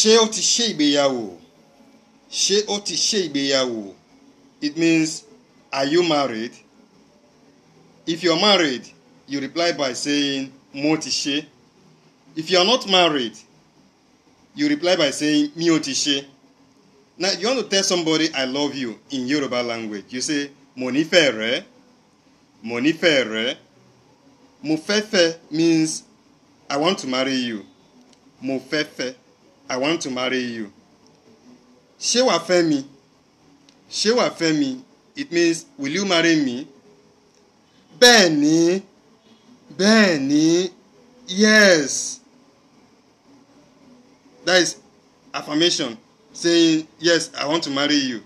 ṣé ó ti ṣe ìgbéyàwó ṣé ó ti ṣe ìgbéyàwó it means are you married if you are married you reply by saying mo ti ṣe if you are not married you reply by saying mi ò ti ṣe now if you want to tell somebody i love you in yoruba language you say mo nífẹ̀ẹ́ rẹ mo nífẹ̀ẹ́ rẹ mo fẹ́ means i want to marry you mo fẹ́ I want to marry you. Ṣé wàá fẹ́ mi? Ṣé wàá fẹ́ mi? It means will you marry me? Bẹ́ẹ̀ni, bẹ́ẹ̀ni, yes. That is affirmation saying yes I want to marry you.